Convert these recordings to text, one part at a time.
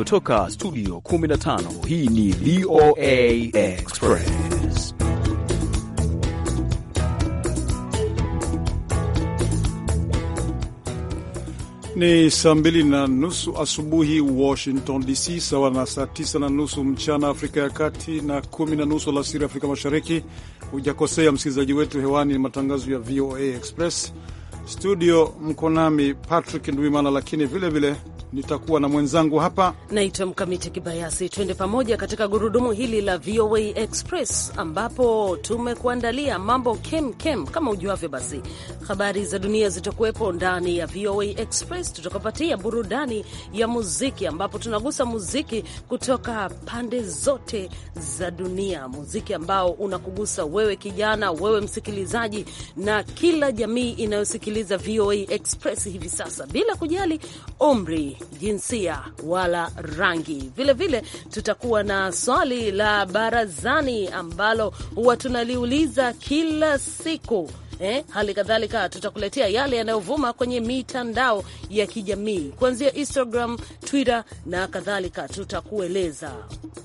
Kutoka studio 15 hii ni VOA Express. Ni saa mbili na nusu asubuhi Washington DC, sawa na saa tisa na nusu mchana Afrika ya Kati na kumi na nusu alasiri Afrika Mashariki. Hujakosea msikilizaji wetu, hewani ni matangazo ya VOA Express. Studio mko nami Patrick Ndwimana, lakini vilevile vile, nitakuwa na mwenzangu hapa, naitwa Mkamiti Kibayasi. Twende pamoja katika gurudumu hili la VOA Express, ambapo tumekuandalia mambo kem kem kama ujuavyo. Basi habari za dunia zitakuwepo ndani ya VOA Express, tutakapatia burudani ya muziki, ambapo tunagusa muziki kutoka pande zote za dunia, muziki ambao unakugusa wewe kijana, wewe msikilizaji, na kila jamii inayosikiliza VOA Express hivi sasa, bila kujali umri jinsia wala rangi. Vilevile tutakuwa na swali la barazani ambalo huwa tunaliuliza kila siku eh, hali kadhalika tutakuletea yale yanayovuma kwenye mitandao ya kijamii kuanzia Instagram, Twitter na kadhalika. Tutakueleza,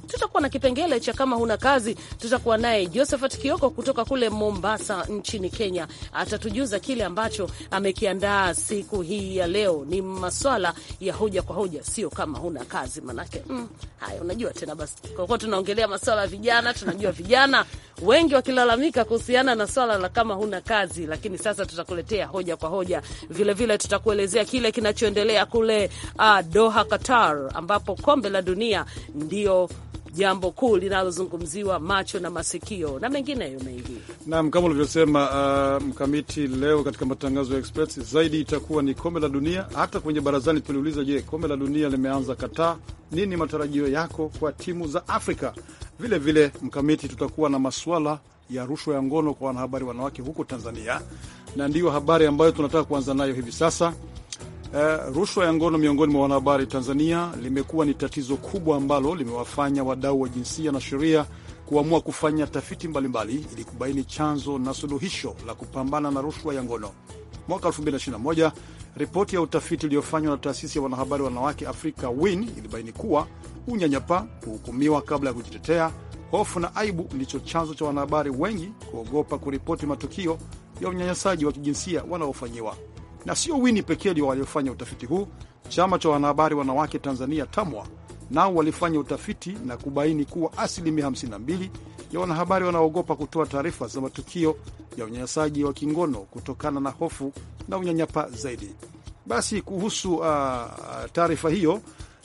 tutakuwa na kipengele cha kama huna kazi. Tutakuwa naye Josephat Kioko kutoka kule Mombasa nchini Kenya, atatujuza kile ambacho amekiandaa siku hii ya leo. Ni maswala ya hoja kwa hoja, sio kama huna kazi manake mm, haya unajua tena basi, kwa kuwa tunaongelea maswala ya vijana, tunajua vijana wengi wakilalamika kuhusiana na swala la kama huna kazi kazi, lakini sasa tutakuletea hoja kwa hoja. Vilevile tutakuelezea kile kinachoendelea kule uh, Doha, Qatar, ambapo kombe la dunia ndio jambo kuu linalozungumziwa macho na masikio na mengineyo mengi. Naam, kama ulivyosema uh, mkamiti, leo katika matangazo ya Express zaidi itakuwa ni kombe la dunia. Hata kwenye barazani tuliuliza, je, kombe la dunia limeanza Kataa, nini matarajio yako kwa timu za Afrika? Vilevile vile, mkamiti, tutakuwa na maswala ya rushwa ya ngono kwa wanahabari wanawake huko Tanzania, na ndiyo habari ambayo tunataka kuanza nayo hivi sasa. Uh, rushwa ya ngono miongoni mwa wanahabari Tanzania limekuwa ni tatizo kubwa ambalo limewafanya wadau wa jinsia na sheria kuamua kufanya tafiti mbalimbali ili kubaini chanzo na suluhisho la kupambana na rushwa ya ngono. Mwaka 2021 ripoti ya utafiti iliyofanywa na taasisi ya wanahabari wanawake Afrika WIN ilibaini kuwa unyanyapaa, kuhukumiwa kabla ya kujitetea, Hofu na aibu ndicho chanzo cha wanahabari wengi kuogopa kuripoti matukio ya unyanyasaji wa kijinsia wanaofanyiwa. Na sio Wini pekee ndio waliofanya utafiti huu. Chama cha wanahabari wanawake Tanzania, TAMWA, nao walifanya utafiti na kubaini kuwa asilimia 52 ya wanahabari wanaogopa kutoa taarifa za matukio ya unyanyasaji wa kingono kutokana na hofu na unyanyapa zaidi. Basi kuhusu uh, uh taarifa hiyo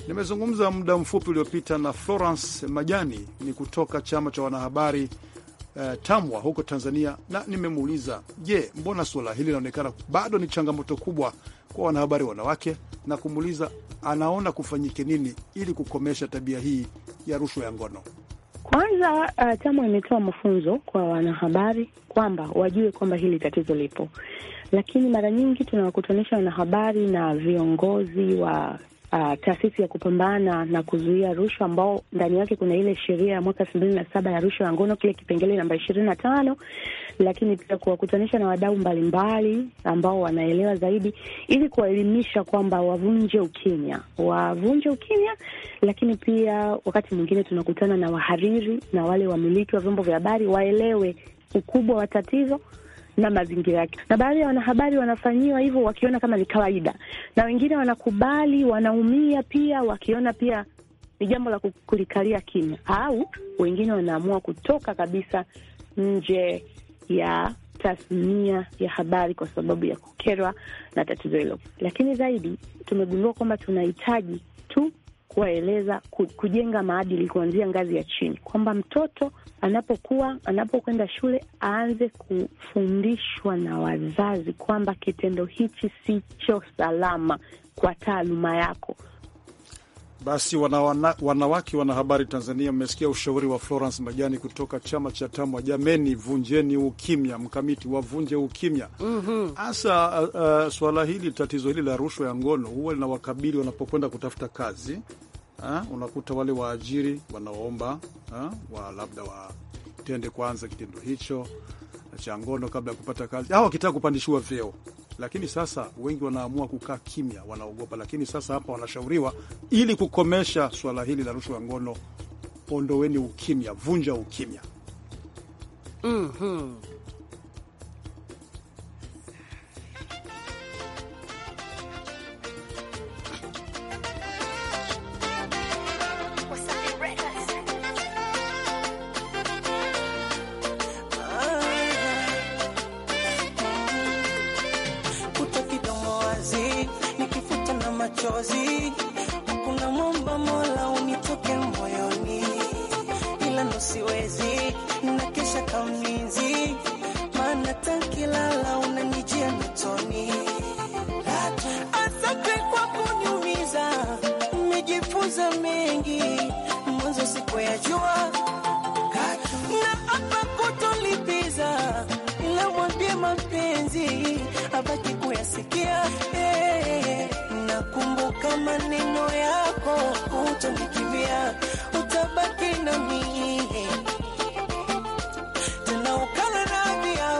Nimezungumza muda mfupi uliopita na Florence Majani, ni kutoka chama cha wanahabari Uh, TAMWA huko Tanzania, na nimemuuliza je, mbona suala hili linaonekana bado ni changamoto kubwa kwa wanahabari wanawake, na kumuuliza anaona kufanyike nini ili kukomesha tabia hii ya rushwa ya ngono. Kwanza uh, TAMWA imetoa mafunzo kwa wanahabari kwamba wajue kwamba hili tatizo lipo, lakini mara nyingi tunawakutanisha wanahabari na viongozi wa uh, taasisi ya kupambana na kuzuia rushwa ambao ndani yake kuna ile sheria ya mwaka elfu mbili na saba ya rushwa ya ngono kile kipengele namba ishirini na tano, lakini pia kuwakutanisha na wadau mbalimbali ambao wanaelewa zaidi, ili kuwaelimisha kwamba wavunje ukimya, wavunje ukimya. Lakini pia wakati mwingine tunakutana na wahariri na wale wamiliki wa vyombo vya habari waelewe ukubwa wa tatizo na mazingira yake, na baadhi ya wanahabari wanafanyiwa hivyo wakiona kama ni kawaida, na wengine wanakubali, wanaumia pia wakiona pia ni jambo la kulikalia kimya, au wengine wanaamua kutoka kabisa nje ya tasnia ya habari kwa sababu ya kukerwa na tatizo hilo. Lakini zaidi tumegundua kwamba tunahitaji tu kuwaeleza, kujenga maadili kuanzia ngazi ya chini, kwamba mtoto anapokuwa anapokwenda shule aanze kufundishwa na wazazi kwamba kitendo hichi sicho salama kwa taaluma yako. Basi wanawana, wanawake wanahabari Tanzania, mmesikia ushauri wa Florence Majani kutoka chama cha TAMWA. Jameni, vunjeni ukimya, mkamiti wavunje ukimya mhm. hasa. mm -hmm. Uh, swala hili, tatizo hili la rushwa ya ngono huwa linawakabili wanapokwenda kutafuta kazi ha? Unakuta wale waajiri wanaomba wa labda watende kwanza kitendo hicho cha ngono kabla ya kupata kazi, au wakitaka kupandishiwa vyeo lakini sasa wengi wanaamua kukaa kimya, wanaogopa. Lakini sasa hapa wanashauriwa ili kukomesha swala hili la rushwa ya ngono, ondoweni ukimya, vunja ukimya. mm -hmm. bila ndo siwezi, na kesha kauninzi, maana takilala unanijia mtoni. Asante kwa kuniumiza, umejifunza mengi, mwanzo siku ya jua na apa kutolipiza, ila mwambie mapenzi abaki kuyasikia hey. Eh, nakumbuka maneno yako utonikimbia tena ukala na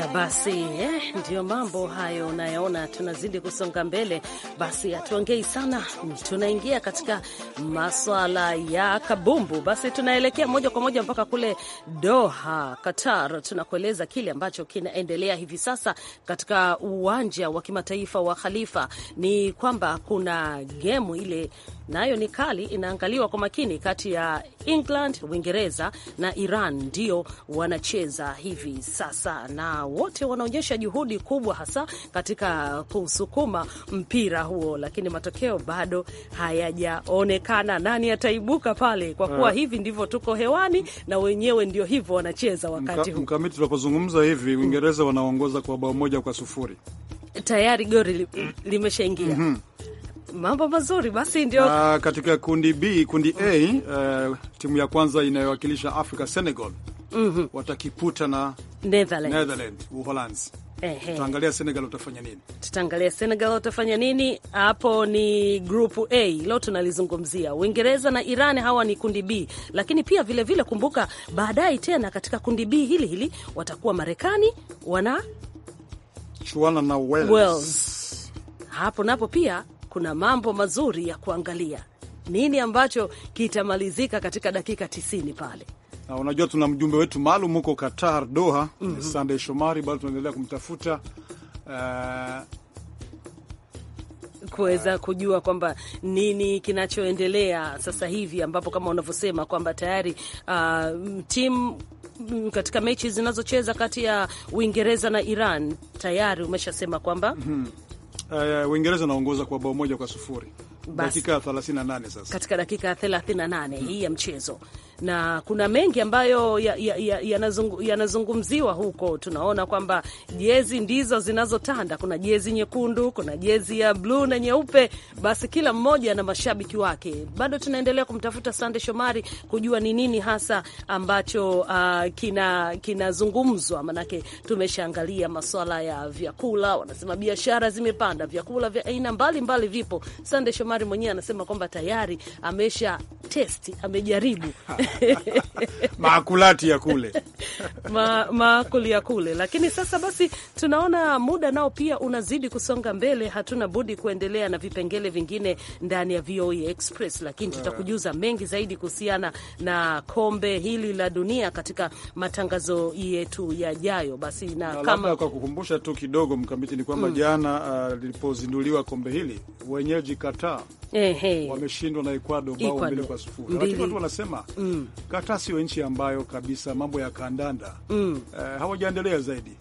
Haya basi, eh, ndiyo mambo hayo unayoona, tunazidi kusonga mbele. Basi hatuongei sana, tunaingia katika maswala ya kabumbu. Basi tunaelekea moja kwa moja mpaka kule Doha, Qatar. Tunakueleza kile ambacho kinaendelea hivi sasa katika uwanja wa kimataifa wa Khalifa. Ni kwamba kuna gemu ile nayo ni kali, inaangaliwa kwa makini, kati ya England, Uingereza na Iran ndio wanacheza hivi sasa, na wote wanaonyesha juhudi kubwa, hasa katika kusukuma mpira huo, lakini matokeo bado hayajaonekana kuonekana nani ataibuka pale, kwa kuwa eh. hivi ndivyo tuko hewani na wenyewe ndio hivyo wanacheza wakati huu. Mkamiti, tunapozungumza hivi, mm. Uingereza wanaongoza kwa bao moja kwa sufuri tayari, gori mm. limeshaingia. mm -hmm. Mambo mazuri basi, ndio Uh, katika kundi B, kundi A, uh, timu ya kwanza inayowakilisha Africa Senegal, mm -hmm. watakiputa na Netherlands, Netherlands Uholanzi. Tutaangalia Senegal utafanya nini? Tutaangalia Senegal utafanya nini? Hapo ni group A. Leo tunalizungumzia Uingereza na Iran, hawa ni kundi B. Lakini pia vile vile kumbuka baadaye tena katika kundi B hili hili watakuwa Marekani wana chuana na Wales. Wales. Hapo napo pia kuna mambo mazuri ya kuangalia. Nini ambacho kitamalizika katika dakika 90 pale? na unajua tuna mjumbe wetu maalum huko Qatar, Doha, mm -hmm. Sandey Shomari, bado tunaendelea kumtafuta uh, kuweza eh, kujua kwamba nini kinachoendelea sasa hivi, ambapo kama unavyosema kwamba tayari uh, timu mm, katika mechi zinazocheza kati ya Uingereza na Iran tayari umeshasema kwamba mm -hmm. uh, Uingereza anaongoza kwa bao moja kwa sufuri dakika 38 sasa, katika dakika 38 mm -hmm. hii ya mchezo na kuna mengi ambayo yanazungumziwa ya, ya, ya huko. Tunaona kwamba jezi ndizo zinazotanda. Kuna jezi nyekundu, kuna jezi ya bluu na nyeupe, basi kila mmoja na mashabiki wake. Bado tunaendelea kumtafuta Sande Shomari kujua ni nini hasa ambacho uh, kinazungumzwa kina, manake tumeshaangalia maswala ya vyakula, wanasema biashara zimepanda, vyakula vya aina mbalimbali vipo. Sande Shomari mwenyewe anasema kwamba tayari amesha testi, amejaribu maakulati ya kule Ma, maakuli ya kule. Lakini sasa basi, tunaona muda nao pia unazidi kusonga mbele, hatuna budi kuendelea na vipengele vingine ndani ya VOA e Express, lakini eh. tutakujuza mengi zaidi kuhusiana na kombe hili la dunia katika matangazo yetu yajayo. Basi na, na kama kwa kukumbusha tu kidogo mkamiti ni kwamba mm, jana uh, lilipozinduliwa uh, kombe hili wenyeji Kataa wameshindwa na Ecuador bao mbili kwa sufuri, lakini watu wanasema mm. Mm. Katasi wa nchi ambayo kabisa mambo ya kandanda mm. eh, hawajaendelea zaidi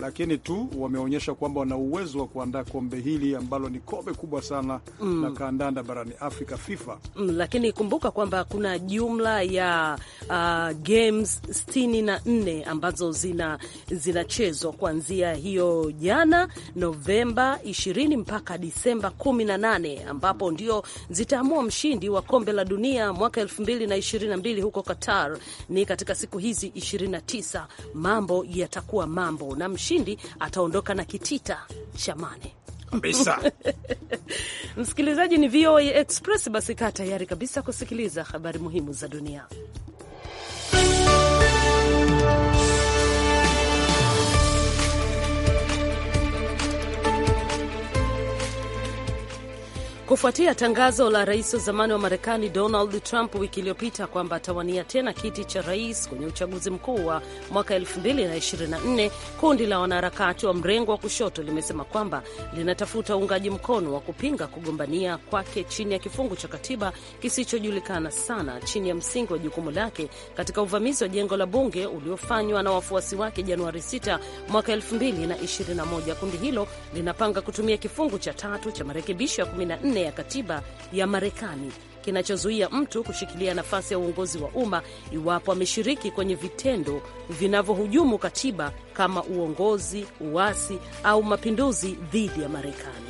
lakini tu wameonyesha kwamba wana uwezo wa kuandaa kombe hili ambalo ni kombe kubwa sana mm. la kandanda barani Afrika, FIFA mm, lakini kumbuka kwamba kuna jumla ya uh, games 64 ambazo zinachezwa zina kuanzia hiyo jana Novemba 20 mpaka Disemba 18 ambapo ndio zitaamua mshindi wa kombe la dunia mwaka 2022 huko Qatar. Ni katika siku hizi 29 mambo yatakuwa mambo na ushindi ataondoka na kitita cha mane kabisa. Msikilizaji, ni VOA Express. Basi kaa tayari kabisa kusikiliza habari muhimu za dunia. kufuatia tangazo la rais wa zamani wa Marekani Donald Trump wiki iliyopita kwamba atawania tena kiti cha rais kwenye uchaguzi mkuu wa mwaka 2024, kundi la wanaharakati wa mrengo wa kushoto limesema kwamba linatafuta uungaji mkono wa kupinga kugombania kwake chini ya kifungu cha katiba kisichojulikana sana, chini ya msingi wa jukumu lake katika uvamizi wa jengo la bunge uliofanywa na wafuasi wake Januari 6 mwaka 2021. Kundi hilo linapanga kutumia kifungu cha tatu cha marekebisho ya 14 ya katiba ya Marekani kinachozuia mtu kushikilia nafasi ya uongozi wa umma iwapo ameshiriki kwenye vitendo vinavyohujumu katiba kama uongozi, uasi au mapinduzi dhidi ya Marekani.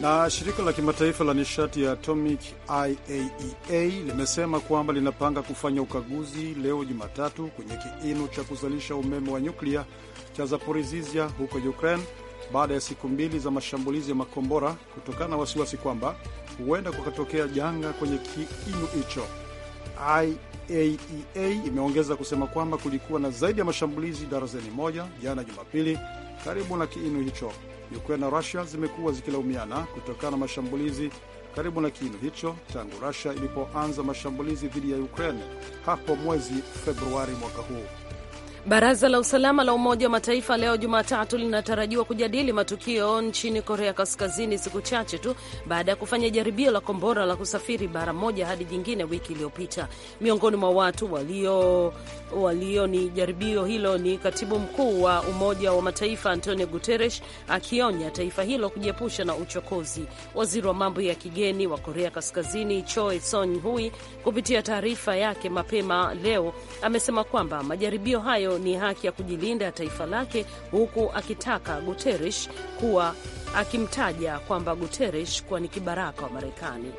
Na shirika la kimataifa la nishati ya atomic IAEA e limesema kwamba linapanga kufanya ukaguzi leo Jumatatu kwenye kiinu cha kuzalisha umeme wa nyuklia cha Zaporizhzhia huko Ukraine baada ya siku mbili za mashambulizi ya makombora kutokana na wasiwasi kwamba huenda kukatokea janga kwenye kiinu hicho. IAEA e imeongeza kusema kwamba kulikuwa na zaidi ya mashambulizi darazeni moja jana Jumapili karibu na kiinu hicho. Ukraine na Rusia zimekuwa zikilaumiana kutokana na mashambulizi karibu na kiinu hicho tangu Rusia ilipoanza mashambulizi dhidi ya Ukraine hapo mwezi Februari mwaka huu. Baraza la usalama la Umoja wa Mataifa leo Jumatatu linatarajiwa kujadili matukio nchini Korea Kaskazini, siku chache tu baada ya kufanya jaribio la kombora la kusafiri bara moja hadi jingine wiki iliyopita. Miongoni mwa watu walio walio ni jaribio hilo ni katibu mkuu wa Umoja wa Mataifa Antonio Guterres, akionya taifa hilo kujiepusha na uchokozi. Waziri wa mambo ya kigeni wa Korea Kaskazini choe Son Hui, kupitia taarifa yake mapema leo, amesema kwamba majaribio hayo ni haki ya kujilinda taifa lake, huku akitaka Guterres kuwa akimtaja kwamba Guterres kuwa ni kibaraka wa Marekani.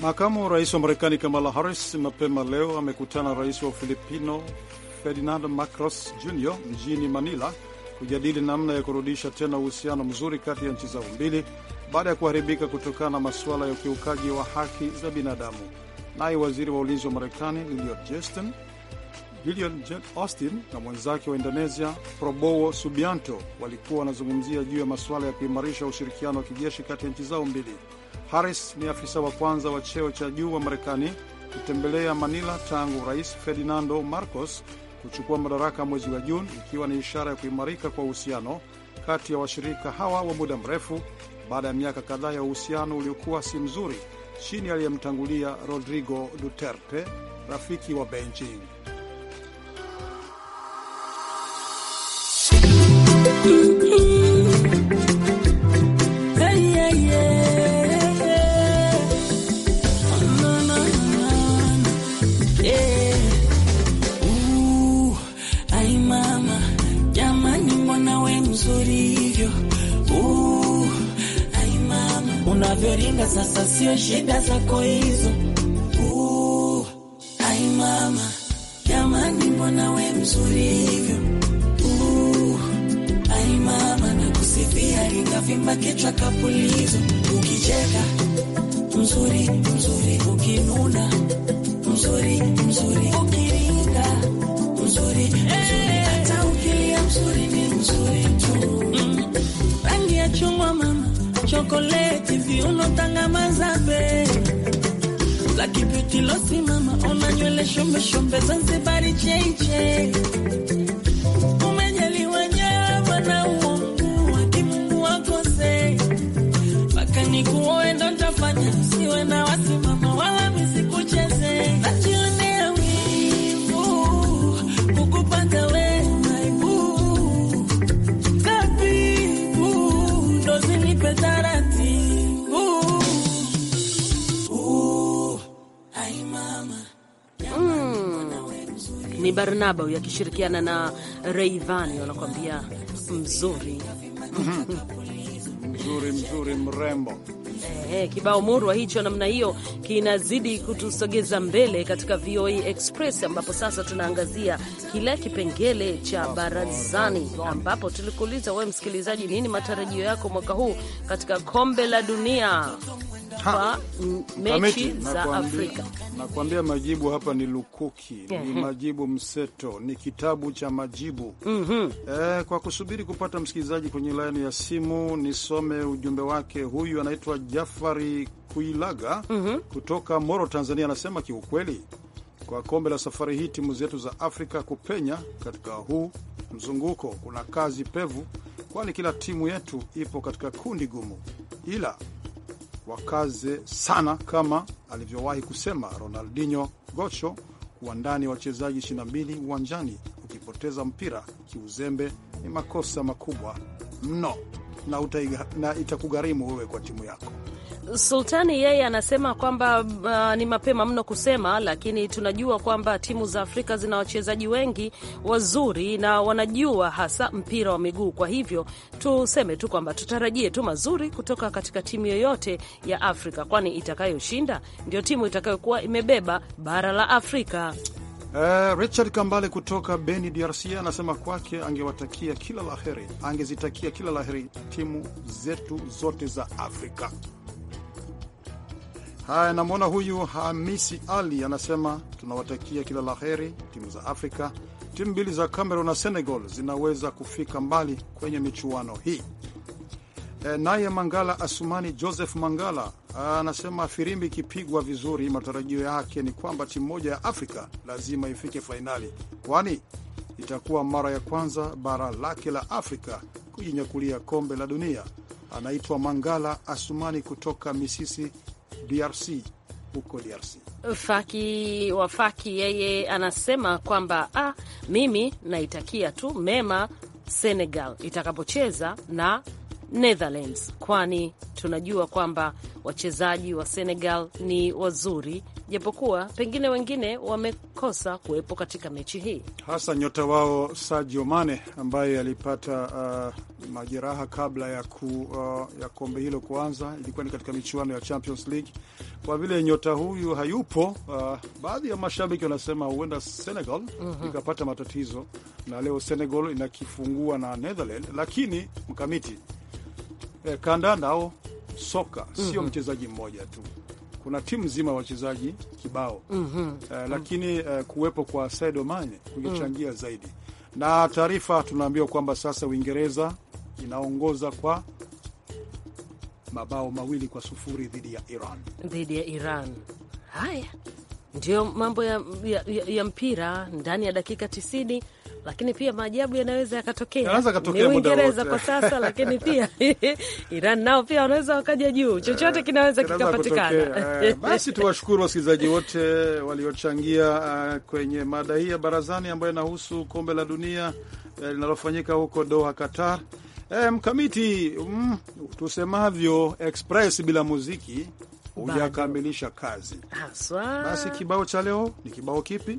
Makamu rais wa Marekani Kamala Harris mapema leo amekutana rais wa Filipino Ferdinando Marcos Jr mjini Manila kujadili namna ya kurudisha tena uhusiano mzuri kati ya nchi zao mbili baada ya kuharibika kutokana na masuala ya ukiukaji wa haki za binadamu. Naye waziri wa ulinzi wa Marekani Lloyd Austin Julian Jack Austin na mwenzake wa Indonesia Probowo Subianto walikuwa wanazungumzia juu ya masuala ya kuimarisha ushirikiano wa kijeshi kati ya nchi zao mbili. Harris ni afisa wa kwanza wa cheo cha juu wa Marekani kutembelea Manila tangu Rais Ferdinando Marcos kuchukua madaraka mwezi wa Juni, ikiwa ni ishara ya kuimarika kwa uhusiano kati ya washirika hawa wa muda mrefu baada ya miaka kadhaa ya uhusiano uliokuwa si mzuri chini aliyemtangulia Rodrigo Duterte, rafiki wa Beijing. unavyorinda sasa, sio shida zako hizo. ai mama, jamani, mbona we mzuri hivyo? ai mama, nakusifia lingavimba kichwa kapulizo, ukicheka mzuri mzuri, ukinuna mzuri mzuri, ukiringa mzuri mzuri, hata ukilia mzuri ni mzuri tu chokoleti, viuno, tanga, mazambe lakipiutilosi mama, ona nywele shombe shombe, Zanzibari cheche, umejaliwa nyama na uongo wa kimungu wakose, mpaka nikuoe ndo ntafanya siwe na ni Barnaba akishirikiana na Rayvanny wanakuambia mzuri mzuri mzuri mrembo. Eh, kibao murwa hicho namna hiyo kinazidi kutusogeza mbele katika VOA Express, ambapo sasa tunaangazia kile kipengele cha barazani, ambapo tulikuuliza wewe msikilizaji, nini matarajio yako mwaka huu katika kombe la dunia? kwa mechi za Afrika. majibu hapa ni lukuki, ni majibu mseto, ni kitabu cha majibu. mm -hmm. E, kwa kusubiri kupata msikilizaji kwenye laini ya simu, nisome ujumbe wake. Huyu anaitwa Jafari Kuilaga mm -hmm. kutoka Moro, Tanzania, anasema kiukweli kwa kombe la safari hii timu zetu za Afrika kupenya katika huu mzunguko kuna kazi pevu, kwani kila timu yetu ipo katika kundi gumu, ila wakaze sana, kama alivyowahi kusema Ronaldinho Gocho kuwa ndani ya wachezaji 22 uwanjani, ukipoteza mpira kiuzembe ni makosa makubwa mno na, na itakugharimu wewe kwa timu yako. Sultani yeye anasema kwamba uh, ni mapema mno kusema, lakini tunajua kwamba timu za Afrika zina wachezaji wengi wazuri na wanajua hasa mpira wa miguu. Kwa hivyo tuseme tu kwamba tutarajie tu mazuri kutoka katika timu yoyote ya Afrika, kwani itakayoshinda ndio timu itakayokuwa imebeba bara la Afrika. Uh, Richard Kambale kutoka Beni DRC anasema kwake angewatakia kila laheri, angezitakia kila laheri timu zetu zote za Afrika. Haya, namwona huyu Hamisi Ali anasema tunawatakia kila la heri timu za Afrika. Timu mbili za Cameroon na Senegal zinaweza kufika mbali kwenye michuano hii. E, naye Mangala Asumani Joseph Mangala anasema firimbi ikipigwa vizuri, matarajio yake ni kwamba timu moja ya Afrika lazima ifike fainali, kwani itakuwa mara ya kwanza bara lake la Afrika kujinyakulia kombe la dunia. Anaitwa Mangala Asumani kutoka Misisi DRC huko DRC. Faki Wafaki yeye anasema kwamba ah, mimi naitakia tu mema Senegal itakapocheza na Netherlands, kwani tunajua kwamba wachezaji wa Senegal ni wazuri japokuwa pengine wengine wamekosa kuwepo katika mechi hii, hasa nyota wao Sadio Mane ambaye alipata uh, majeraha kabla ya, ku, uh, ya kombe hilo kuanza. Ilikuwa ni katika michuano ya Champions League. Kwa vile nyota huyu hayupo, uh, baadhi ya mashabiki wanasema huenda Senegal mm -hmm. ikapata matatizo, na leo Senegal inakifungua na Netherlands, lakini mkamiti eh, kandanda au soka mm -hmm. sio mhm. mchezaji mmoja tu kuna timu nzima ya wachezaji kibao mm -hmm. uh, lakini uh, kuwepo kwa Sadio Mane kungechangia mm. zaidi, na taarifa tunaambiwa kwamba sasa Uingereza inaongoza kwa mabao mawili kwa sufuri dhidi ya Iran, dhidi ya Iran. Haya ndio mambo ya, ya, ya, ya mpira ndani ya dakika tisini lakini pia maajabu yanaweza yakatokea. Ni Uingereza kwa sasa, lakini pia Iran nao pia wanaweza wakaja juu, eh, chochote kinaweza kikapatikana. Eh, basi tuwashukuru wasikilizaji wote waliochangia eh, kwenye mada hii ya barazani ambayo inahusu kombe la dunia linalofanyika huko Doha, Qatar. E, mkamiti mm, tusemavyo express bila muziki hujakamilisha kazi Basi kibao cha leo ni kibao kipi?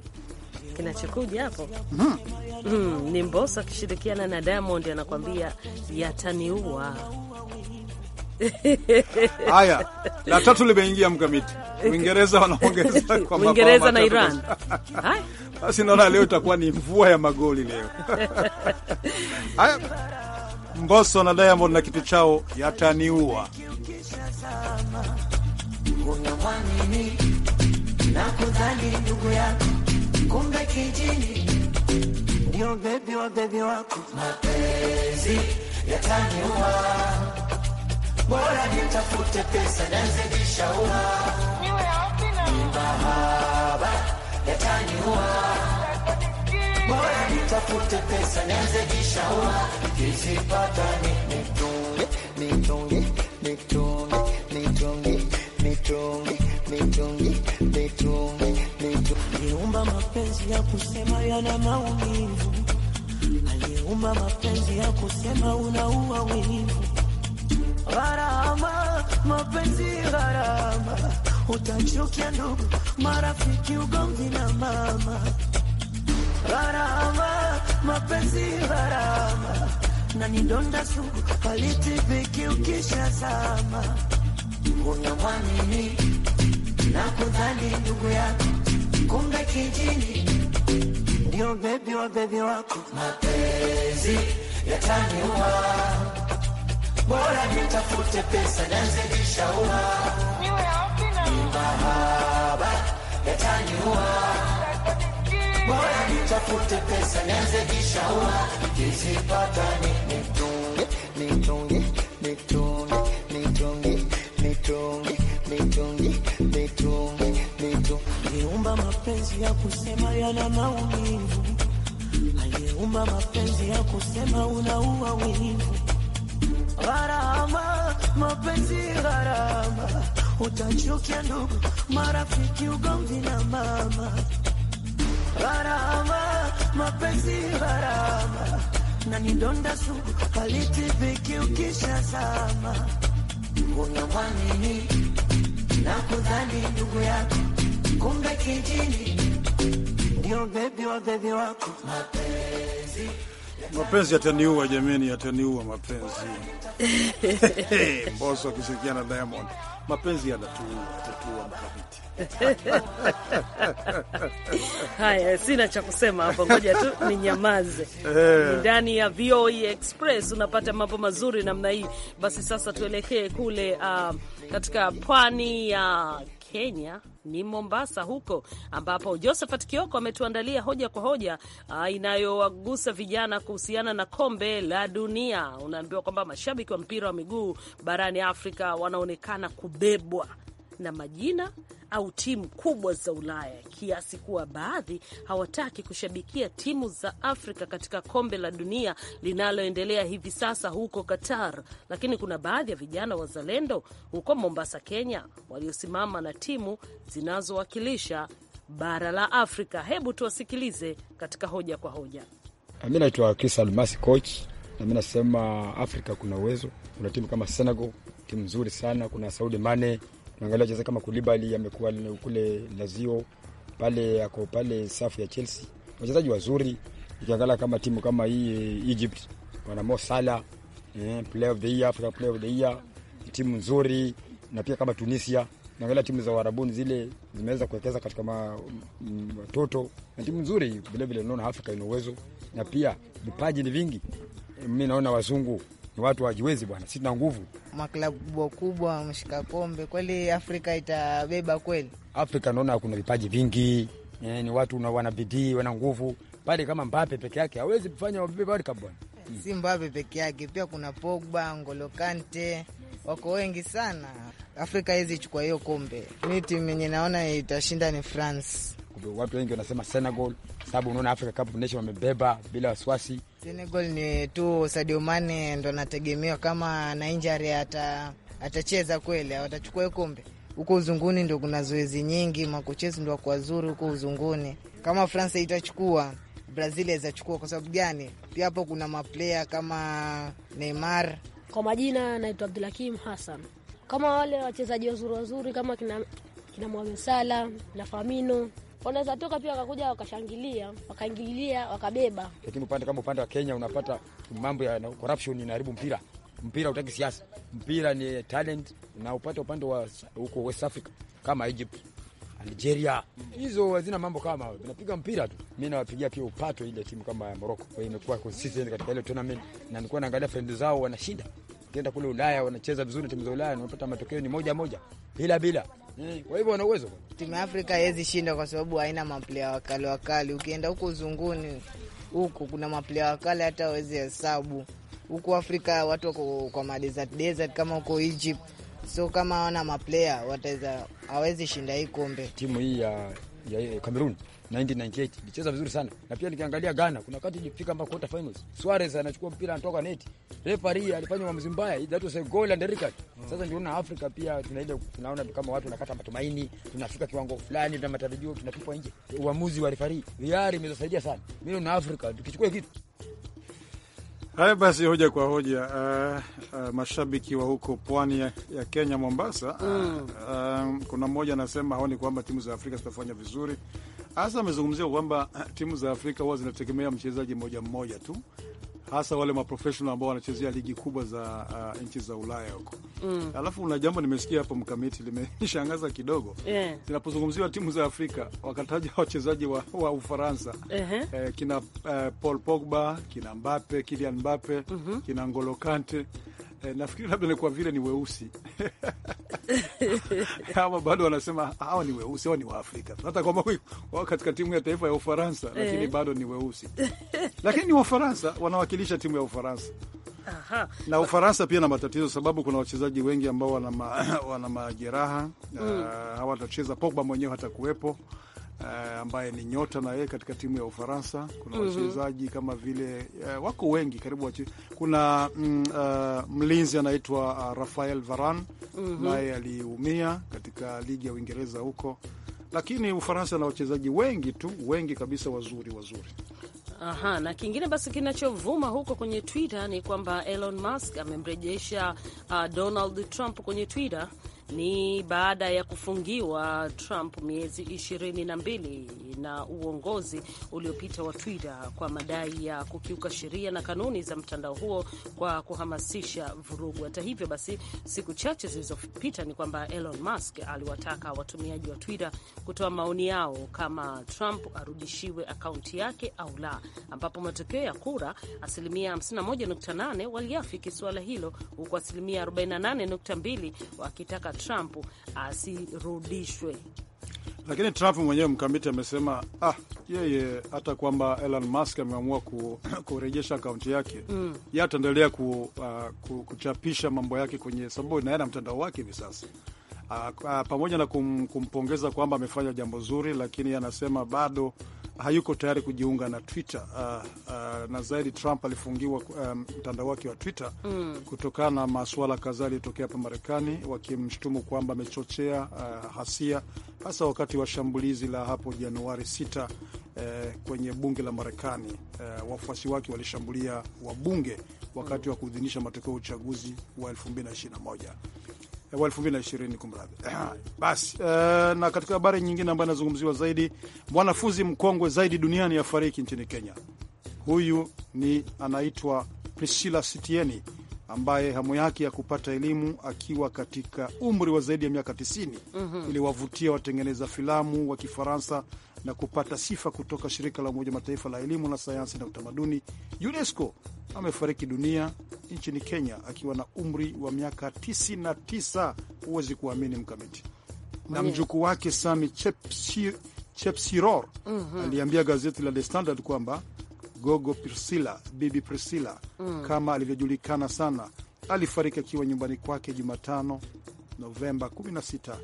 kinachokuja hapo mm. Mm, ni mboso akishirikiana na Diamond anakwambia yataniua. Haya, la tatu limeingia mkamiti. Uingereza wanaongeza kwa Uingereza na Iran. Basi naona leo itakuwa ni mvua ya magoli leo. Haya, Mboso na Diamond na kitu chao yataniua kumbe kijini ndio bebi wa bebi wako. Mapenzi yataniua, bora nitafute pesa nazijishaua. Mahaba yataniua, nitafute pesa nazijishaua. Nikizipata nitunge, nitunge, nitunge, nitunge, nitunge aliyeumba mapenzi ya kusema yana maumivu, aliyeumba mapenzi ya kusema unaua wivu. Gharama mapenzi, gharama utachukia ndugu, marafiki, ugomvi na mama. Gharama mapenzi, gharama na ni donda sugu, halitibiki ukishazama. Unamwamini na kudhani ndugu yako, kumbe kijini ndio bebi wa bebi wako. Mapenzi yataniua, bora nitafute pesa nianze Mahaba yataniua, nitafute pesa nianze jishaua. Ikizipata nitunge nitunge nitunge mapenzi ya kusema yana maumivu, aliyeumba mapenzi ya kusema unaua wivu. Gharama mapenzi gharama, utachukia ndugu, marafiki, ugomvi na mama. Gharama mapenzi gharama, na ni donda sugu halitibiki ukishazama. Unamwamini na kudhani ndugu yako kumbe kijini ndio bebi wa bebi wako. Mapenzi mapenzi yataniua, jameni, yataniua mapenzi. Mbosso akishirikiana na Diamond, mapenzi yanatuua, yatatuua mkabiti. Haya, sina cha kusema hapo, ngoja tu ni nyamaze. Eh. Ndani ya VOA e Express unapata mambo mazuri namna hii. Basi sasa tuelekee kule, uh, katika pwani ya uh, Kenya ni Mombasa huko ambapo Josephat Kioko ametuandalia hoja kwa hoja ah, inayowagusa vijana kuhusiana na kombe la dunia. Unaambiwa kwamba mashabiki wa mpira wa miguu barani Afrika wanaonekana kubebwa na majina au timu kubwa za Ulaya kiasi kuwa baadhi hawataki kushabikia timu za Afrika katika kombe la dunia linaloendelea hivi sasa huko Qatar. Lakini kuna baadhi ya vijana wazalendo huko Mombasa, Kenya, waliosimama na timu zinazowakilisha bara la Afrika. Hebu tuwasikilize katika hoja kwa hoja. Mi naitwa Chris Almasi, coach nami nasema Afrika kuna uwezo, kuna timu kama Senegal, timu nzuri sana, kuna Saudi Mane Unaangalia wachezaji kama Kulibali amekuwa kule Lazio, pale ako pale safu ya Chelsea, wachezaji wazuri. Ukiangalia kama timu kama hii eh, Egypt wana Mo Salah, eh, player of the year, Africa player of the year, timu nzuri, na pia kama Tunisia naangalia timu za Uarabuni zile zimeweza kuwekeza katika mm, watoto na timu nzuri vilevile. Naona Afrika ina uwezo na pia vipaji ni vingi. Mi naona wazungu ni watu wajiwezi bwana, si tuna nguvu, maklabu kubwa kubwa wameshika kombe kweli. Afrika itabeba kweli? Afrika naona kuna vipaji vingi e, ni watu wana bidii, wana nguvu pale. Kama Mbape peke yake hawezi kufanya wabebe bwana, eh, si Mbape peke yake, pia kuna Pogba, Ngolo Kante, wako wengi sana. Afrika hawezi chukua hiyo kombe. Mi timu yenye naona itashinda ni France watu wengi wanasema Senegal sababu unaona Africa Cup Nation wamebeba bila wasiwasi. Senegal ni tu Sadio Mane ndo anategemewa, kama na injury ata atacheza kweli watachukua kombe. Huko uzunguni ndo kuna zoezi nyingi, makochezi ndo wako wazuri huko uzunguni. Kama France itachukua Brazil awezachukua kwa sababu gani? Pia hapo kuna maplaya kama Neymar. Kwa majina naitwa Abdulhakim Hassan. Kama wale wachezaji wazuri wazuri kama kina, kina Mohamed Salah na Firmino wanaweza toka pia wakakuja wakashangilia, wakaingilia, wakabeba. Lakini upande kama upande wa Kenya unapata mambo ya corruption inaharibu mpira. Mpira utaki siasa, mpira ni talent, na upate upande wa huko West Africa kama Egypt Algeria hizo hazina mambo kama vinapiga mpira tu. Mi nawapigia pia upato ile timu kama ya hiyo imekuwa consistent katika ile tournament, na nilikuwa naangalia frendi zao wanashinda, ukienda kule Ulaya wanacheza vizuri, timu za Ulaya unapata matokeo ni moja moja bila bila. Mm. Kwa hivyo wana uwezo. Timu ya Afrika haiwezi shinda kwa sababu haina maplea wakali wakali. Ukienda huko uzunguni huko kuna maplea wakali hata wawezi hesabu. Huko Afrika watu wako kwa madesert desert kama huko Egypt. So kama hawana maplea wataweza hawezi shinda hii kombe. Timu hii ya ya Cameroon 1998 ilicheza vizuri sana, na pia nikiangalia Ghana kuna wakati ilifika mpaka quarter finals. Suarez anachukua mpira anatoka neti, referee alifanya maamuzi mbaya, that was a goal and a red Sasa ndio na Afrika pia tunaenda tunaona kama watu wanakata matumaini, tunafika kiwango fulani tuna matarajio tunatupwa nje. Uamuzi wa referee VAR imesaidia sana. Mimi na Afrika tukichukua kitu Haya basi, hoja kwa hoja. Uh, uh, mashabiki wa huko pwani ya, ya Kenya, Mombasa, eh, mm. um, kuna mmoja anasema haoni kwamba timu za Afrika zitafanya vizuri. Hasa amezungumzia kwamba timu za Afrika huwa zinategemea mchezaji mmoja mmoja tu hasa wale maprofessional ambao wanachezea ligi kubwa za uh, nchi za Ulaya huko mm. Alafu una jambo nimesikia hapo mkamiti limeshangaza kidogo yeah. Zinapozungumziwa timu za Afrika wakataja wachezaji wa, wa Ufaransa uh -huh. eh, kina eh, Paul Pogba kina Mbappe, Kylian Mbappe uh mm-hmm. -huh. kina Ngolo Kante eh, nafikiri labda ni kwa vile ni weusi hawa bado wanasema hawa ni weusi, hawa ni Waafrika, hata kwamba wao katika timu ya taifa ya Ufaransa eh. lakini bado ni weusi, lakini ni Wafaransa, wanawakilisha timu ya Ufaransa. Aha. Na Ufaransa pia na matatizo sababu kuna wachezaji wengi ambao wana wana majeraha mm. Uh, hawatacheza. Pogba mwenyewe hatakuwepo uh, ambaye ni nyota na yeye katika timu ya Ufaransa. Kuna mm -hmm. wachezaji kama vile uh, wako wengi karibu wache. Kuna mm, uh, mlinzi anaitwa Rafael varan mm -hmm. naye aliumia katika ligi ya Uingereza huko, lakini Ufaransa na wachezaji wengi tu wengi kabisa wazuri wazuri. Aha, na kingine basi kinachovuma huko kwenye Twitter ni kwamba Elon Musk amemrejesha uh, Donald Trump kwenye Twitter ni baada ya kufungiwa Trump miezi 22 na uongozi uliopita wa Twitter kwa madai ya kukiuka sheria na kanuni za mtandao huo kwa kuhamasisha vurugu. Hata hivyo basi, siku chache zilizopita ni kwamba Elon Musk aliwataka watumiaji wa Twitter kutoa maoni yao kama Trump arudishiwe akaunti yake au la, ambapo matokeo ya kura, asilimia 51.8 waliafiki suala hilo, huku asilimia 48.2 wakitaka Trump ah, asirudishwe. Lakini Trump mwenyewe mkamiti amesema ah, yeye hata kwamba Elon Musk ameamua kurejesha akaunti yake mm, ye ataendelea ku, uh, kuchapisha mambo yake kwenye sababu naye na mtandao wake hivi sasa uh, uh, pamoja na kum, kumpongeza kwamba amefanya jambo zuri, lakini anasema bado hayuko tayari kujiunga na Twitter. Uh, uh, na zaidi Trump alifungiwa um, mtandao um, wake wa Twitter mm. kutokana na masuala kadhaa yaliyotokea hapa Marekani, wakimshutumu kwamba amechochea uh, hasia hasa wakati wa shambulizi la hapo Januari 6 uh, eh, kwenye bunge la Marekani. Uh, wafuasi wake walishambulia wabunge wakati mm. wa kuidhinisha matokeo ya uchaguzi wa 2021 wa elfu mbili na ishirini kumradhi. Basi e, na katika habari nyingine ambayo inazungumziwa zaidi, mwanafunzi mkongwe zaidi duniani afariki nchini Kenya. Huyu ni anaitwa Priscilla Sitieni ambaye hamu yake ya kupata elimu akiwa katika umri wa zaidi ya miaka 90 mm -hmm. iliwavutia watengeneza filamu wa Kifaransa na kupata sifa kutoka shirika la Umoja Mataifa la elimu na sayansi na utamaduni UNESCO amefariki dunia nchini Kenya akiwa na umri wa miaka 99. Huwezi kuamini mkamiti. Na mjukuu wake Sami Chepsi, Chepsiror mm -hmm. aliambia gazeti la The Standard kwamba Gogo Priscilla, Bibi Priscilla mm. kama alivyojulikana sana alifariki akiwa nyumbani kwake Jumatano Novemba 16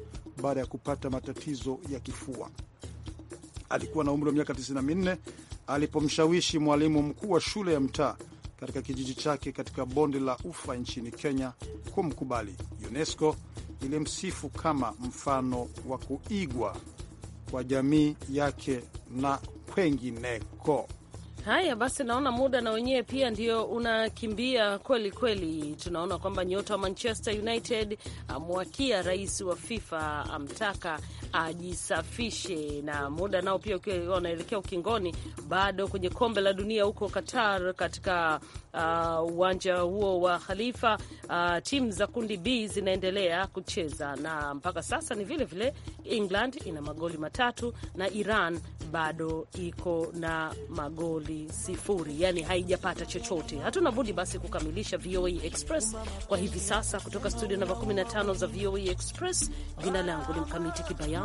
baada ya kupata matatizo ya kifua alikuwa na umri wa miaka 94 alipomshawishi mwalimu mkuu wa shule ya mtaa katika kijiji chake katika bonde la Ufa nchini Kenya kumkubali. UNESCO ilimsifu kama mfano wa kuigwa kwa jamii yake na kwengineko. Haya basi, naona muda na wenyewe pia ndio unakimbia kweli kweli. Tunaona kwamba nyota wa Manchester United amwakia rais wa FIFA amtaka ajisafishe. Na muda nao pia wanaelekea ukingoni, bado kwenye kombe la dunia huko Qatar, katika uh, uwanja uh, huo wa Khalifa uh, timu za kundi B zinaendelea kucheza, na mpaka sasa ni vile vile England ina magoli matatu na Iran bado iko na magoli sifuri, yani haijapata chochote. Hatuna budi basi kukamilisha VOA Express kwa hivi sasa kutoka studio namba 15 za VOA Express. Jina langu ni Mkamiti Kibaya.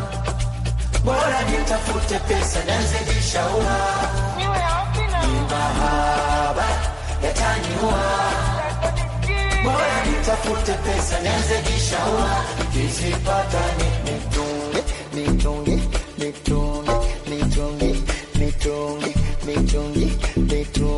bora nitafute pesa nazidisha ua mahaba yataniua bora nitafute pesa nazidisha ua kizipata ni nitunge nitunge nitunge nitunge nitunge nitunge nitunge